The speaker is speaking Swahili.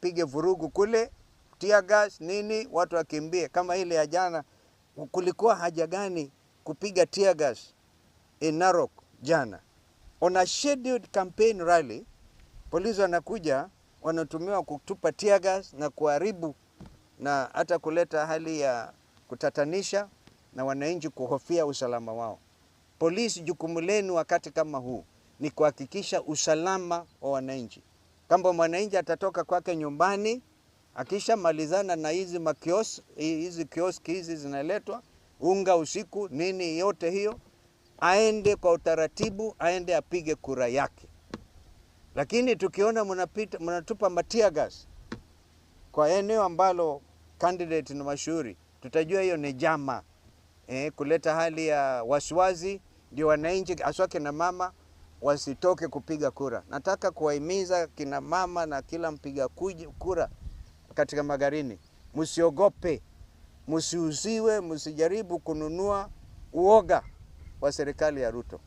pige vurugu kule, tia gas nini, watu wakimbie. Kama ile ya jana, kulikuwa haja gani kupiga tia gas in Narok jana? On a scheduled campaign rally, polisi wanakuja wanatumiwa kutupa tia gas na kuharibu na hata kuleta hali ya kutatanisha na wananchi kuhofia usalama wao. Polisi, jukumu lenu wakati kama huu ni kuhakikisha usalama wa wananchi kama mwananchi atatoka kwake nyumbani akishamalizana na hizi makios hizi kioski hizi zinaletwa unga usiku nini yote hiyo, aende kwa utaratibu, aende apige kura yake. Lakini tukiona mnapita mnatupa matiagas kwa eneo ambalo candidate ni mashuhuri, tutajua hiyo ni jama eh, kuleta hali ya wasiwasi, ndio wananchi aswake na mama wasitoke kupiga kura. Nataka kuwahimiza kina mama na kila mpiga kura katika Magarini, msiogope, msiuziwe, msijaribu kununua uoga wa serikali ya Ruto.